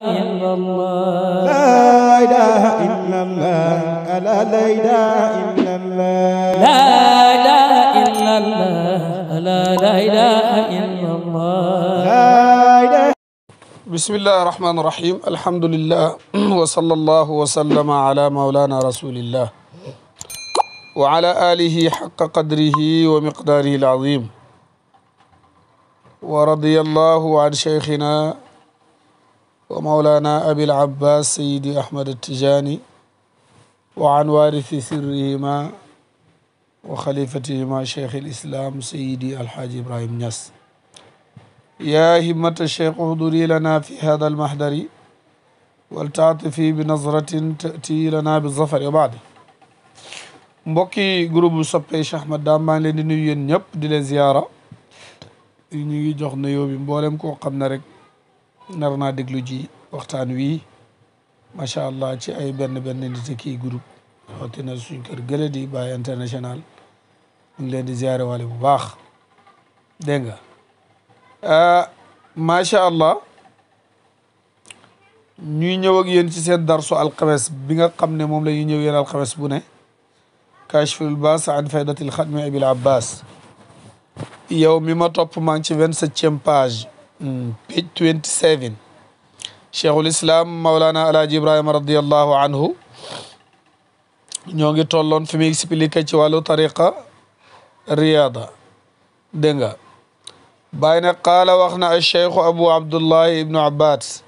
إلا الله لا إله إلا الله ألا لا إله إلا الله لا إله إلا الله ألا لا إله إلا الله لا إله بسم الله الرحمن الرحيم الحمد لله وصلى الله وسلم على مولانا رسول الله وعلى آله حق قدره ومقداره العظيم ورضي الله عن شيخنا ومولانا أبي العباس سيد أحمد التجاني وعن وارث سرهما وخليفتهما شيخ الإسلام سيدي الحاج إبراهيم نس يا همة الشيخ احضري لنا في هذا المحضر والتعطفي بنظرة تأتي لنا بالظفر وبعد مبكي جروب soppe Cheikh Ahmad Dame maa ngi leen زيارة nuyu yéen ñëpp di leen ziyaara ngi jox nuyoo bi mboolem koo xam rek نرنا دغلو جي وقتان وي ما شاء الله تي اي بن بن نيت كي غروب خوتنا سون كير غلدي باي انترناشونال نغ لين دي زياره والي بو باخ دنگا ما شاء الله ني نيو اك يين سي سين درسو القمس بيغا خامني موم لا ني نيو يين القمس بو ني كاشف الباس عن فائده الخدم ابي العباس يوم ما توب مانشي 27 page بيت 27 شيخ الاسلام مولانا الاج ابراهيم رضي الله عنه نيوغي تولون في ميكس بليكي والو طريقه الرياضه دنگا باين قال واخنا الشيخ ابو عبد الله ابن عباس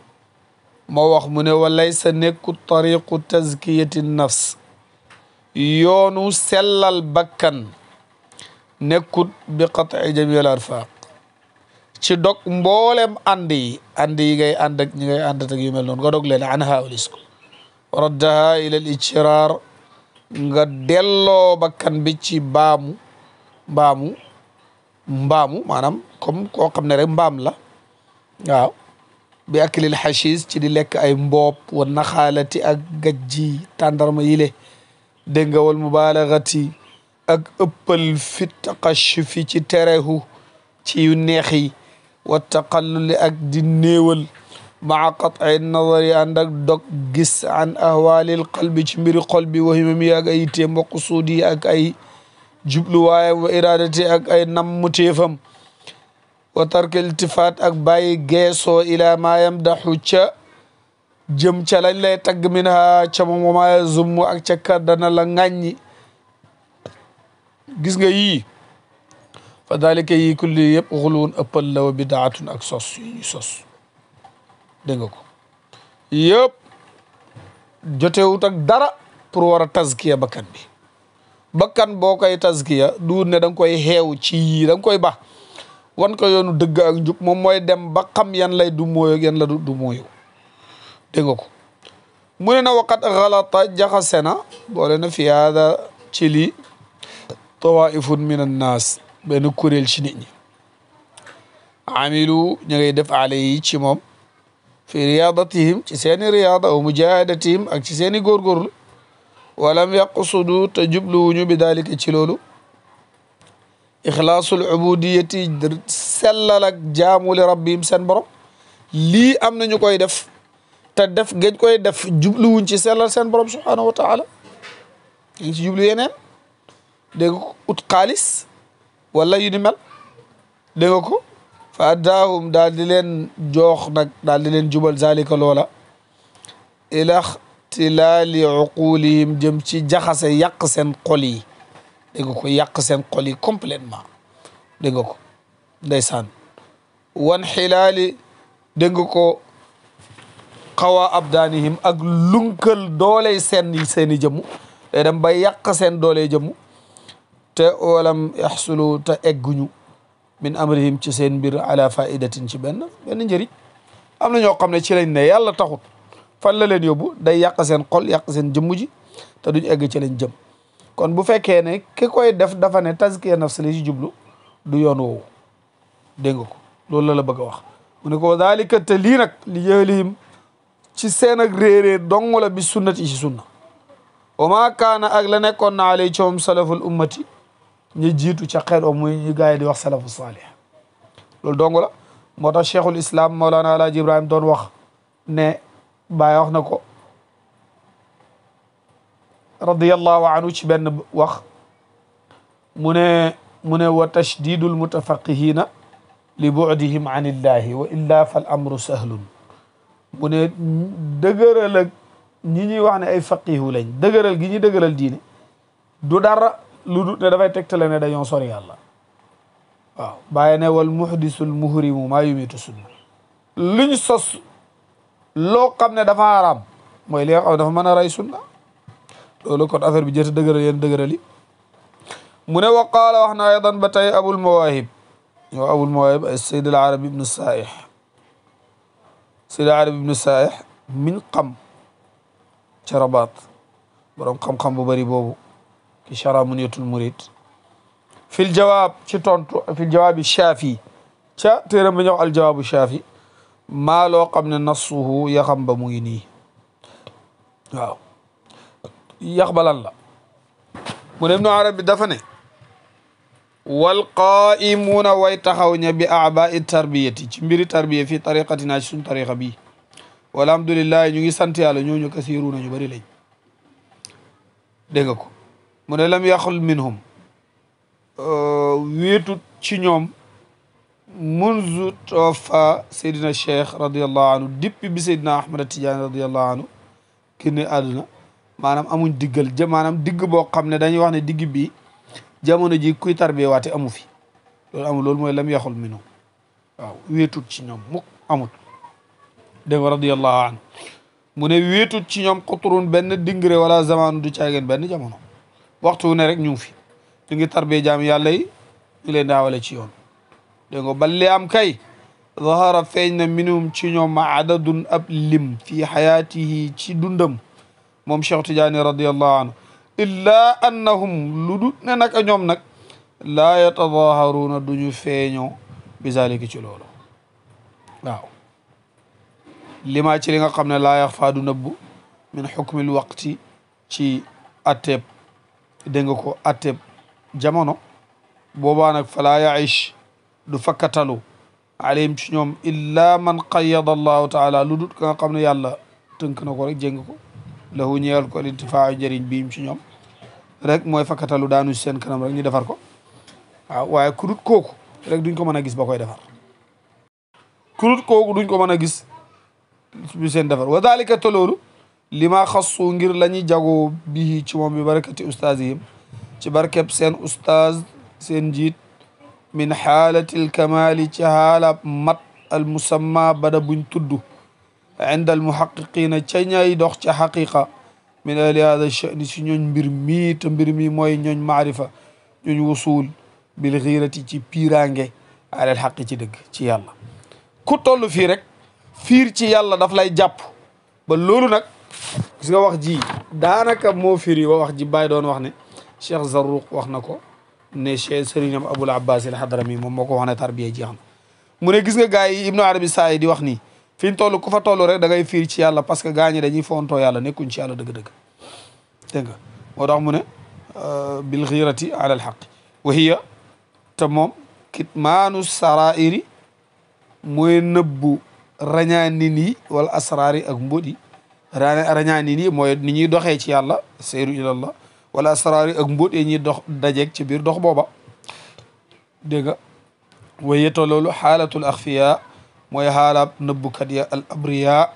ما واخ من وليس نك طريق تزكيه النفس يونو سلل بكن نكت بقطع جميع الارفاق ci dog mboolem ànd yi ànd yi ngay ànd ak yu mel noon nga dog leen an haa ulis ko raddaha ila al icraar nga delloo bakkan bi ci baamu mbaamu mbaamu maanaam comme koo xam ne rek mbaam la waaw bi aklil xachis ci di lekk ay mboob wa naxaalati ak gajji tàndarma yile dégg nga wal mubalagati ak ëppal fi taqash fi ci terehu ci yu neex yi والتقلل لأجد النيول مع قطع النظر عندك دك جس عن أهوال القلب جمير قلبي وهم مياك أي تيم وقصودي أك أي جبلوا وإرادتي أك أي نم تيفم وترك التفات أك باي جيسو إلى ما يمدح وچا جم چلا اللي تق منها چم وما يزم أك چكر دانا لنغاني جسنا يي fa dalika yi kulli yëpp xuluun ëppal law bidaatun ak sos yu ñu sos dégg nga ko yëpp jotewut ak dara pour war a taskiya bakkan bi bakkan boo koy taskiya duur ne da koy xeew ci yii da koy ba wan ko yoonu dëgg ak njub moom mooy dem ba yan lay du mooyo yan la ko mu ne na waqat xalata jaxase na fi hada ci lii tawaifun min an naas benn kuréel ci nit ñi amilu ñu ngay def ci moom fi riyadatihim ci seeni riyaada wa mujahadatihim ak ci seeni góorgóorlu walam yaqsudu te jubluwuñu bi dalika ci loolu ixlaasul ubudiyati sellal ak jaamu li rabbihim seen borom lii am na ñu koy def te def gëj koy def jubluwuñ ci sellal seen borom subhaanahu wa taala ci jublu yeneen dégg ut xaalis ولا ينمل دغوكو فاداهم دال دين جوخ نك دال دين جوبل ذلك لولا الى اختلال عقولهم جم سي جخس يقسن قلي دغوكو يقسن قلي كومبليتمون دغوكو ديسان وانحلال دغوكو قوا ابدانهم اك لونكل دولي سن سيني جمو دام با يق سن دولي جمو te walam yaxsulu te egguñu min amrihim ci seen mbir ala faidatin ci benn benn njëriñ am na ñoo xam ne ci lañ ne yàlla taxut fan la leen yóbbu day yàq seen xol yàq seen jëmm ji te duñ egg ci lañ jëm kon bu fekkee ne ki koy def dafa ne tazkiya nafs li ci jublu du yoon woowu dégg nga ko loolu la la bëgg a wax mu ne ko daalika te lii nag li ci seen ak réerée dong la bi sunnati ci sunna wa kaana ak la nekkoon na alay coom salaful ummati ñi jitu ci xeet o muy ñi gaay di wax salafu salih loolu dong la motax cheikhul islam maulana alaaji ibrahim don wax ne Baay wax nako radiyallahu anhu ci ben wax mune mune wa tashdidul mutafaqihin li bu'dihim an illahi wa illa fal amru sahlun mune ne ak ñi ñi wax ne ay faqihu lañ dëgëral gi ñi dëgëral diine du dara لودو تي دا فاي تكتال ني دايون سوري الله واو باي ني وال محدث المحرم ما يميت سن لي ني سوس لو خامن دا فارام موي لي خاو دا فمانا راي سن لولو كوت افير بي جيت دغرا يين دغرالي من وقال واحنا ايضا بتاي ابو المواهب يو ابو المواهب السيد العربي بن السائح السيد العربي بن السائح من قم شرباط برام قم قم بو بوبو ishara muniyatul murid fil jawaab ci tontu fil jawaabi shaafi ca téeram ba ñëw al jawaabu maa loo xam ne nassuhu yaxam mu ngi nii waaw yax ba lan la mu ne ibnu arabi dafa ne wal qaa'imuuna way taxaw ña bi aabaai tarbiyati ci mbiri tarbiya fii tariqatinaa ci suñ tariqa bii walhamdulillahi ñu ngi sant yàlla ñooñu kasiiruuna ñu bëri lañ dégg nga ko mu ne lam yaxul minhum wetu ci ñom munzu tofa sayyidina sheikh radiyallahu anhu dippi bi sayyidina ahmad tijani radiyallahu anhu kene aduna manam amuñ diggal je manam digg bo xamne dañuy wax ne digg bi jamono ji kuy tarbiyewaate amu fi loolu amu loolu moy lam yaxul minu waaw wéetut ci ñom mu amul de radiyallahu anhu mu ne wéetut ci ñom qutrun ben dingre wala zamaanu du caageen ben jamono waxtu wu ne rek ñu ngi fi ñu ngi tarbee jaam yàlla yi ñu ngi leen daawale ci yoon dégg nga balli am kay zahara feeñ na minum ci ñoom adadun ab lim fi xayaatihi ci dundam moom Cheikh Tidiane radiallahu anhu illaa annahum lu dut ne nag a ñoom nag laa yatadaharuuna duñu feeñoo bi zalika ci loolu waaw limaa ci li nga xam ne laa yax faa du nëbb min xukmil waqti ci atteb dégg ko atteb jamono boobaa nag falaa yaish du fakkatalu alayhim ci ñoom illa man qayyada allahu taala lu dut ka nga xam ne yàlla tënk na ko rek jéng ko lahu ñeewal ko lintifaayu jëriñ biim ci ñoom rek mooy fakkatalu daanu ci seen kanam rek ñu defar ko waaw waaye ku dut kooku rek duñ ko mën a gis ba koy defar ku kooku duñ ko mën a gis defar wa dalika te لما خصو غير لاني جاغو بي هي تي مومي بركاتي استاذيم استاذ سن جيت من حاله الكمال تي حاله مات المسمى بدا بنتدو عند المحققين تي ناي دوخ حقيقه من اهل هذا الشان سي نون مير موي نون معرفه نون وصول بالغيره تي بيرانغي على الحق تي دغ تي يالا كو تولو فير تي يالا دا فلاي جاب با لولو gis nga wax ji danaka mo firi wax ji bay doon wax ne Cheikh Zarruq wax nako ne Cheikh sëriñam Abul Abbas al Hadrami mom moko wax ne tarbiya ji na mu ne gis nga gay yi Ibnu Arabi saa di wax ni fiñ ñu ku fa toll rek da ngay fiir ci yàlla parce que gañi dañuy fonto yàlla nekkuñ ci yalla deug deug deug nga moo tax mu ne bil ghirati ala al haqq wa hiya ta mom kitmanu sarairi moy nëbbu rañani ni wal wala ak mbodi rañaani ni mooy ni ñuy doxee ci yàlla seeru ilallah wala asraar yi ak mbóot yi ñuy dox dajeeg ci biir dox booba dégg nga wayetoo loolu xaalatul axfiya mooy xaalaab nëbbukat ya al abriya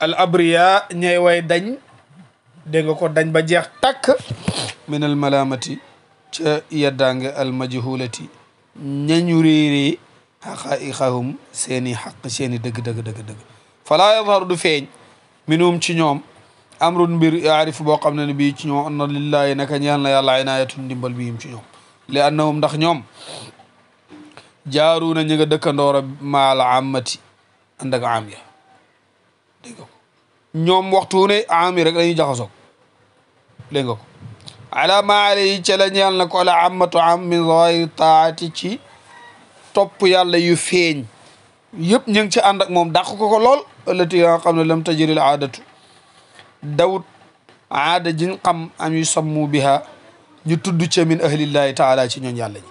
al abriya ñay way dañ dégg nga ko dañ ba jeex takk min al malaamati ca yeddaange al majhulati ñañu réeree xaqaiqahum seen i xaq seen i dëgg dëgg dëgg dëgg falaa yadharu du feeñ minum ci ñoom amrun mbir yaarif boo xam ne ne bii ci ñoom anna lillahi naka ñeel na yàlla inaayatun ndimbal bihim ci ñoom li annahum ndax ñoom jaaruuna ñi nga dëkkandoor a maal amati ànd ak am ya dégg nga ko ñoom waxtu ne rek dañuy jaxasoog ko ala maale yi ca la ñeel ko ala amatu am min zawahiri taati topp yàlla yu feeñ yëpp ñu ngi ci ànd moom dàq ko ko lool ëllëti yoo xam ne lam tajëril aadatu dawut aada jiñ xam am yu sammu biha ñu tudd ca min ahlillahi taala ci ñooñ yàlla ñi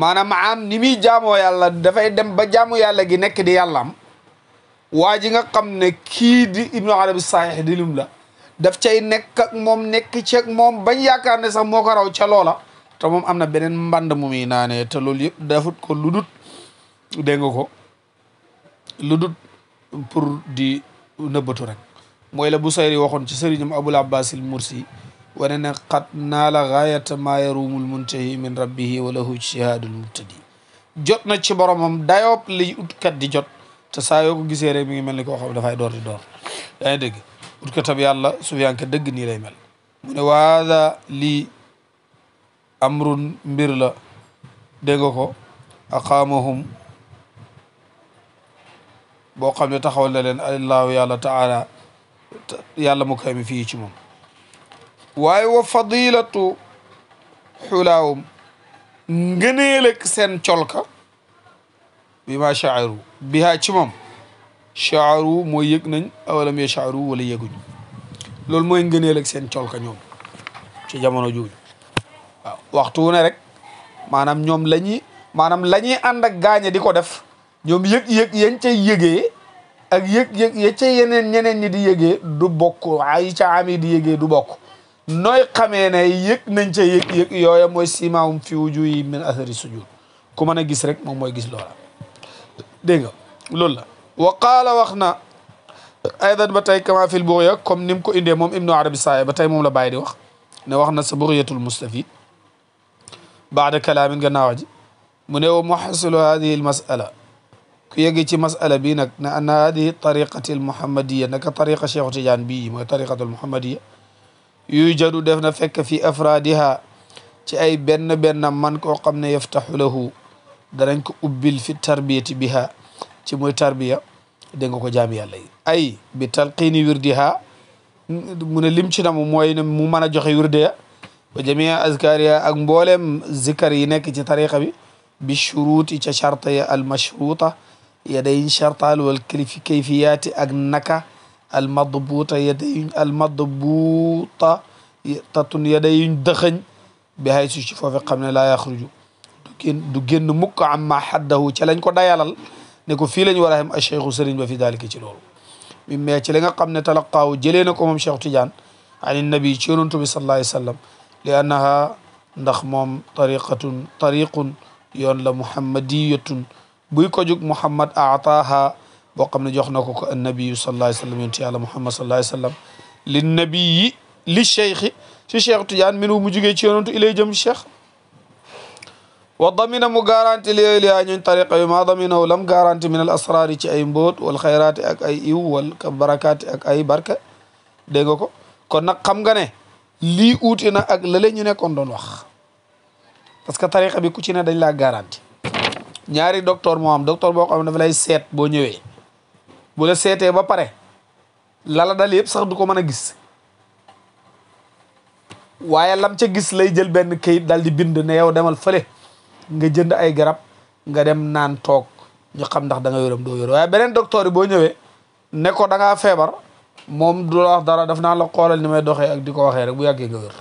maanaam am ni muy jaamoo yàlla dafay dem ba jaamu yàlla gi nekk di yàllaam waa ji nga xam ne kii di ibnu arabi sahih di lum la daf cay nekk moom nekk ceeg moom bañ yaakaar ne sax moo ko raw ca loola te moom am na beneen mbànd mu muy naanee te loolu yëpp defut ko lu dut dégg nga ko lu dut pour di nëbbatu rek mooy la bu sayri waxoon ci sëriñam abul abbas il mursi wane ne xat naa la gaayata maa yarumul muntahi min rabbihi wa lahu jihaadul mubtadi jot na ci boromam dayoob liy utkat di jot te saa yoo ko gisee rek mi ngi mel ni koo xam dafay door di door yaa ngi dégg utkatab yàlla su fiyanke dëgg nii lay mel mu ne lii amrun mbir la dégg ko aqaamahum boo xam ne taxawal na leen allahu yàlla taala yàlla mu koy mi fii ci moom waaye wa fadilatu xulaawum ngëneel ak seen bi ma chaaru bihaa ci moom chaaru mooy yëg nañ awalam ye chaaru wala yëguñ loolu mooy ngëneel ak seen colka ci jamono jooju waxtu wu ne rek maanaam ñoom la ñuy maanaam la ñuy ànd ak gaañe di ko def ñoom yëg-yëg yañ cay yëgee ak yëg-yëg ca yeneen ñeneen ñi di yëgee du bokk ay ca am yi di yëgee du bokk nooy xamee ne yëg nañ ca yëg-yëg yooya mooy simaawum fi wujuuhihim min athari sujud ku mën a gis rek moom mooy gis loola dégg nga loolu la wa qaala wax na aydan ba tey kama fil bughya comme ni ko indee moom ibnu arabi saaya ba tey moom la bàyyi di wax ne wax na sa bughyatul mustafid baada kalaamin gannaaw wax mu ne wa muxasilu hadihi al masala ku yegg ci masala bi nag na anna hadihi tariqati al muhammadiya naka tariqa cheikhu tidiane bii mooy tariqatu al muhammadiya yujadu def na fekk fi afraadiha ci ay benn benn man ko xam ne yaftaxu lahu danañ ko ubbil fi tarbiyati biha ci muy tarbiya dégg ko jaami yàlla ay bi talqiini wirdiha mu ne mën a joxe wirde وجميع أذكارها أقبولهم ذكرينه كي تاريخه بي بشروط الشرطة المشروطة يدين شرطة والكيفيات أجنكا المضبوطة يدين المضبوطة تطن يدين دخن بهذه الشفافة قبل لا يخرجوا لكن دجن مك عما حده تلنكو ديالل نكو فيلن ورهم الشيخ سرين في ذلك تلول مما تلنك قبل تلقاه جلينكم شيخ تجان عن النبي تشيرون تبي صلى الله عليه وسلم لأنها نخمم طريقة طريق يون لمحمدية بيكو جوك محمد أعطاها وقم نجوخ نكوك النبي صلى الله عليه وسلم ينتي على محمد صلى الله عليه وسلم للنبي للشيخ شي شيخ تجان منو مجيجي تيونو إلي جم الشيخ وضمن مقارنة لي لي أن طريق ما ضمن ولم قارنة من الأسرار تي أي والخيرات أك أي والبركات أك أي بركة دعوكو كنا قم lii uute na ak lële ñu nekkoon doon wax parce que tariqa bi ku ci ne dañ laa garanti ñaari docteur moo am docteur boo xam ne dafa lay seet boo ñëwee bu la seetee ba pare lala dal yëpp sax du ko mën a gis waaye lam ca gis lay jël benn kayit dal di bind ne yow demal fële nga jënd ay garab nga dem naan toog ñu xam ndax danga nga yoram doo yor waaye beneen docteur yi boo ñëwee ne ko da feebar mom du la wax dara daf naa la xolal ni may doxee ak diko waxé rek bu yagge nga wér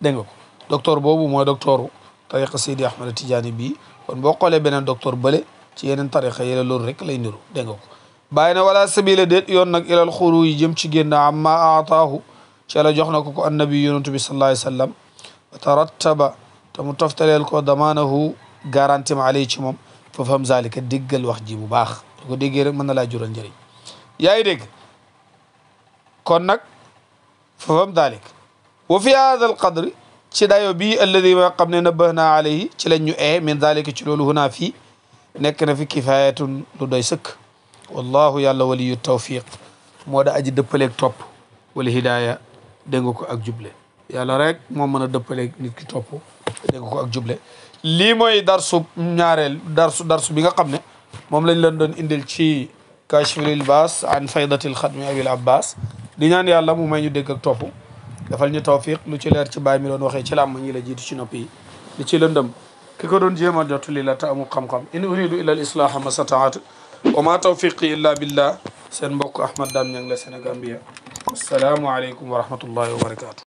dégg nga ko docteur bobu moy docteur tariqa sidi ahmed Tijaani bi kon bo xolé benen docteur balé ci yenen tariqa yele lool rek lay niru dégg nga ko bàyyi wala sabila det yon nak ila al khuruj jëm ci génn amma aataahu ci la jox nako ko annabi yunus bi sallallahu alayhi wasallam sallam wa tarattaba te mu toftaleel ko damaanahu garantim alay ci moom fa fam zalika déggal wax ji bu baax ko déggee rek mën na jural njëriñ yaa ngi dégg kon nag fafam daalik wa fi hada al qadri ci dayo bii alladi ba xam ne nabbahnaa alayhi ci lañ ñu ee min daalika ci loolu hunaa fii nekk na fi kifayatun lu doy sëkk wallahu yàlla waliyu tawfiq moo da aji dëppaleeg topp wala hidaaya dégg nga ko ak juble yàlla rek moo mën a dëppaleeg nit ki topp dégg nga ko ak juble lii mooy darsu ñaareel darsu darsu bi nga xam ne moom lañ leen doon indil ci كاشف للباس عن فائدة الخدمة أبي العباس لينان يا الله مهمني دكتور توفو دفعني توفيق لتشيل أرتشبا ميلون وخير تشيل أمني لجيت شنوبي لتشيل ندم كيكون جيما جاتو ليلا تامو كم كم إن أريد إلا الإصلاح ما ستعات وما توفيقي إلا بالله سنبوك أحمد دام يانغلا سنغامبيا السلام عليكم ورحمة الله وبركاته